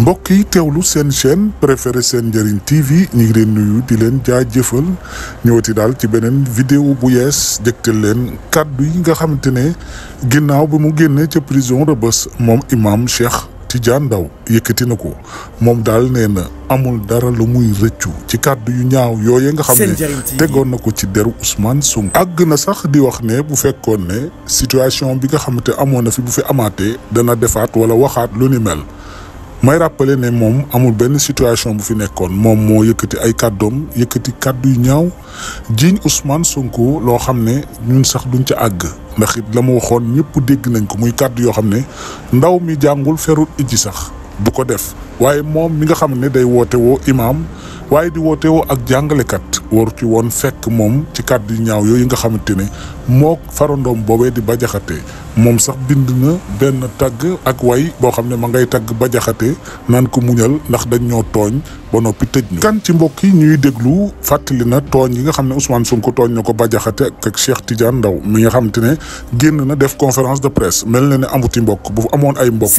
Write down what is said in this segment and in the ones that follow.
mbokk yi teewlu seen chaîne préférée seen njëriñ TV ñu leen nuyu di leen jaajëfal ñëwati daal ci beneen vidéo bu yees jëgtal leen kàddu yi nga xamante ne ginnaaw bi mu génnee ca prison Rebeuss moom imam Cheikh Tidiane Ndao yëkkati na ko moom daal nee na amul dara lu muy rëccu ci kàddu yu ñaaw yooye nga xam ne tegoon na ko ci deru Ousmane Sonko àgg na sax di wax ne bu fekkoon ne situation bi nga xamante amoon na fi bu fi amaatee dana defaat wala waxaat lu ni mel may rappelé ne moom amul benn situation bu fi nekkoon moom moo yëkkati ay kàddoom yëkkati kàddu yu ñaaw jiiñ Ousmane sunk loo xam ne ñun sax duñ ca àgg ndax la mu waxoon ñëpp dégg nañ ko muy kàddu yoo xam ne ndaw mi jàngul ferul ijji sax du ko def waaye moom mi nga xam ne day woote imaam waaye di wootewoo ak jàngalekat waru ci woon fekk moom ci kàddu yu ñaaw yooyu nga xamante ne moo farandoom boobee di ba moom sax bind na benn tagg ak way boo xam ne ma ngay tagg bajaxate jaxate naan ko muñal ndax dañ ñoo tooñ ba noppi tëj ñu kan ci mbokk yi ñuy déglu fàttali na tooñ yi nga xam ne Ousmane ko tooñ na ko bajaxate jaxate ak Cheikh Tidiane Ndaw mi nga xam te ne génn na def conférence de presse mel na ne amuti mbokk bu amoon ay mbokk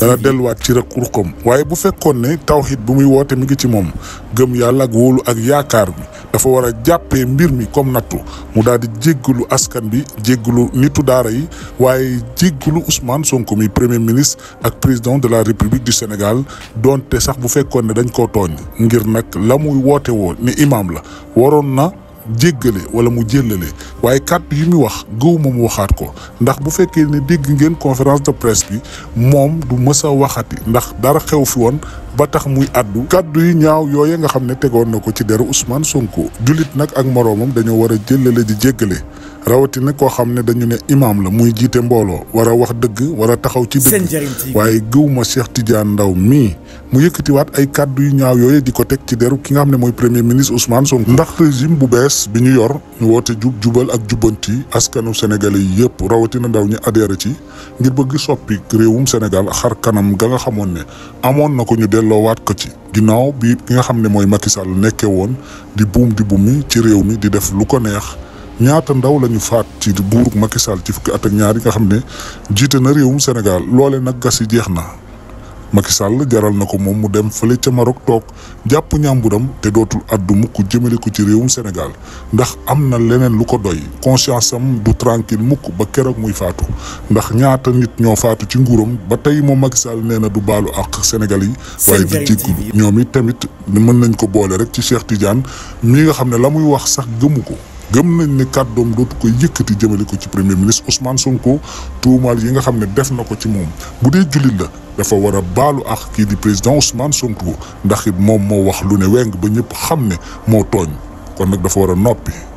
dana delluwaat ci rek ruqam waaye bu fekkoon ne tawxid bu muy woote mi ngi ci moom gëm yàlla ak wóolu ak yaakaar bi dafa war a jàppee mbir mi comme nattu mu daal di jéggalu askan bi jéggalu nitu daara yi waaye jéggalu usmaan Sonko mi premier ministre ak président de la république du Sénégal donte sax bu fekkoon ne dañ koo tooñ ngir nag la muy woote woon ni imaam la waroon na jéggale wala mu jéllale waaye kàddu yi mu wax gëw ma mu waxaat ko ndax bu fekkee ne dégg ngeen conférence de presse bi moom du mësa a waxati ndax dara xew fi woon ba tax muy addu kàddu yi ñaaw yooye nga xam ne tegoon na ko ci deru Ousmane Sonko. jullit nag ak moroomam dañoo war a jéllale di jéggale rawati na ko ne dañu ne imam la muy jité mbolo wara wax deug wara taxaw ci deug waye gëwuma cheikh tidiane ndaw mi mu yëkkatiwaat ay kàddu yu ñaaw yooyu di tek ci deru ki nga xamne ne premier ministre ousmane sonko ndax régime bu bees bi yor ñu wote juk jubal ak jubanti, askanu sénégalais yépp rawati na ndaw ñi adhéré ci ngir bëgg soppi réewum sénégal xar kanam ga nga xamone amon nako ñu ko ñu ko ci ginaaw bi ki nga xamne ne Macky Sall di boom di bumi ci réew mi di def lu ko neex ñaata ndaw lañu faat ci buurug Macky Sall ci fukki at ak ñaar yi nga xam ne na réewum Sénégal lolé nak gas jeexna Macky Sall jaral nako mom mu dem fële ci Maroc tok japp ñamburam té dotul addu ko jëmele ko ci réewum Sénégal ndax am leneen lu doy conscience am du tranquille ko ba keroog muy faatu ndax ñaata nit ñoo faatu ci nguuram ba tay mom Macky Sall nee du balu ak Sénégal yi way du ci ñoom tamit mën nañ ko bolé rek ci Cheikh Tidiane mi nga ne wax sax gëmuko gëm ni ne kàddoom dootu ko yëkkati jëmale ko ci premier ministre Ousmane Sonko tuumaal yi nga xam ne def na ko ci moom bu dee jullit la dafa war a baalu ak kii di président Ousmane Sonko ndax it moom moo wax lu ne weng ba ñëpp xam ne moo tooñ kon nag dafa war a noppi.